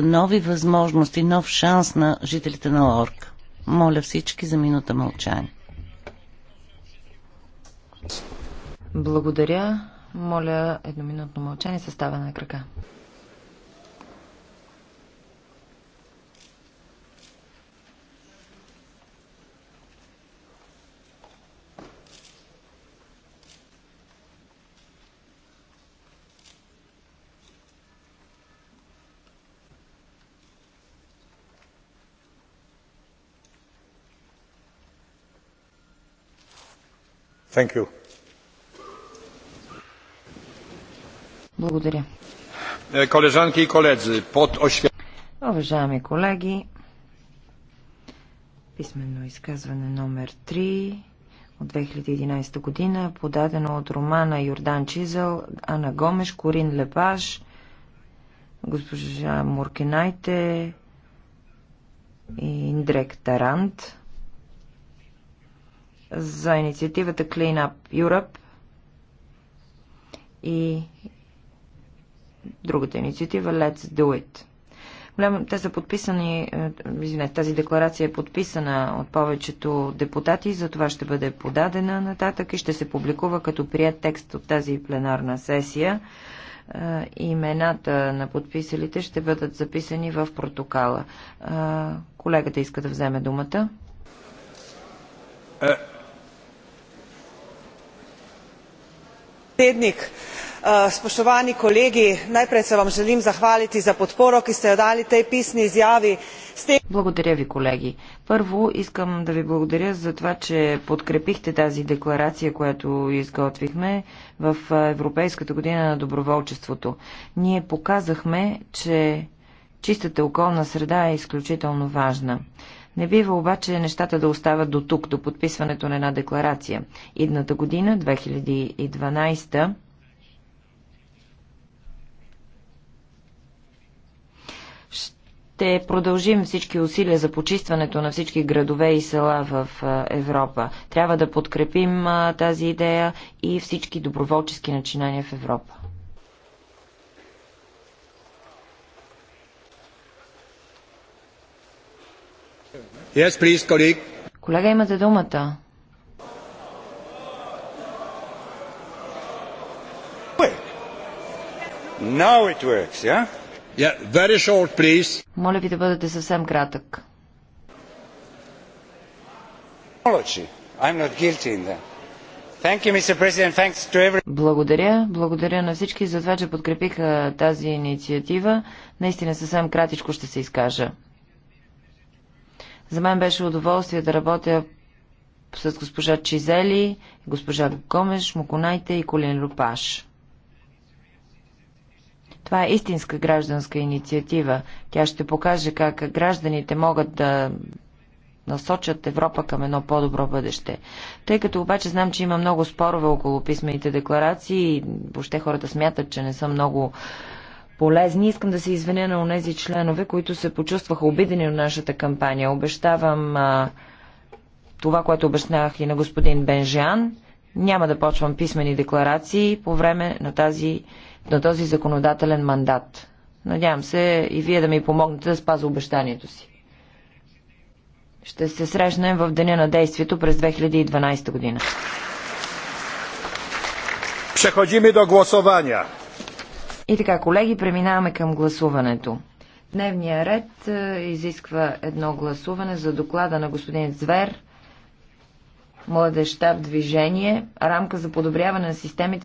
нови възможности, нов шанс на жителите на Лорка. Моля всички за минута мълчание. Благодаря. Моля едноминутно мълчание съставя на крака. Благодаря. Е, колежанки и колеги, под освя... Уважаеми колеги, писменно изказване номер 3 от 2011 година, подадено от Романа Йордан Чизъл, Ана Гомеш, Корин Лепаш, госпожа Муркинайте и Индрек Тарант за инициативата Clean Up Europe и другата инициатива Let's Do It. Те са подписани, е, извинете, тази декларация е подписана от повечето депутати, за това ще бъде подадена нататък и ще се публикува като прият текст от тази пленарна сесия. Е, имената на подписалите ще бъдат записани в протокола. Е, колегата иска да вземе думата. Eh, spoštovani kolegi najprej se vam želim zahvaliti za podporo, ki ste jo dali tej pisni izjavi. Благодаря ви, колеги. Първо искам да ви благодаря за това, че подкрепихте тази декларация, която изготвихме в е, Европейската година на доброволчеството. Ние показахме, че чистата околна среда е изключително важна. Не бива обаче нещата да остават до тук, до подписването на една декларация. Идната година, 2012, ще продължим всички усилия за почистването на всички градове и села в Европа. Трябва да подкрепим тази идея и всички доброволчески начинания в Европа. Yes, please, colleague. Колега, имате думата. Now it works, yeah? Yeah, very short, please. Моля ви да бъдете съвсем кратък. I'm not guilty in that. Благодаря. Благодаря на всички за това, че подкрепиха тази инициатива. Наистина съвсем кратичко ще се изкажа. За мен беше удоволствие да работя с госпожа Чизели, госпожа Гомеш, Муконайте и Колин Лупаш. Това е истинска гражданска инициатива. Тя ще покаже как гражданите могат да насочат Европа към едно по-добро бъдеще. Тъй като обаче знам, че има много спорове около писмените декларации и въобще хората смятат, че не са много полезни. Искам да се извиня на онези членове, които се почувстваха обидени от нашата кампания. Обещавам а, това, което обяснявах и на господин Бенжан. Няма да почвам писмени декларации по време на, тази, на този законодателен мандат. Надявам се и вие да ми помогнете да спаза обещанието си. Ще се срещнем в деня на действието през 2012 година. Przechodzimy do głosowania. И така, колеги, преминаваме към гласуването. Дневния ред е, изисква едно гласуване за доклада на господин Звер, Младеща в движение, рамка за подобряване на системите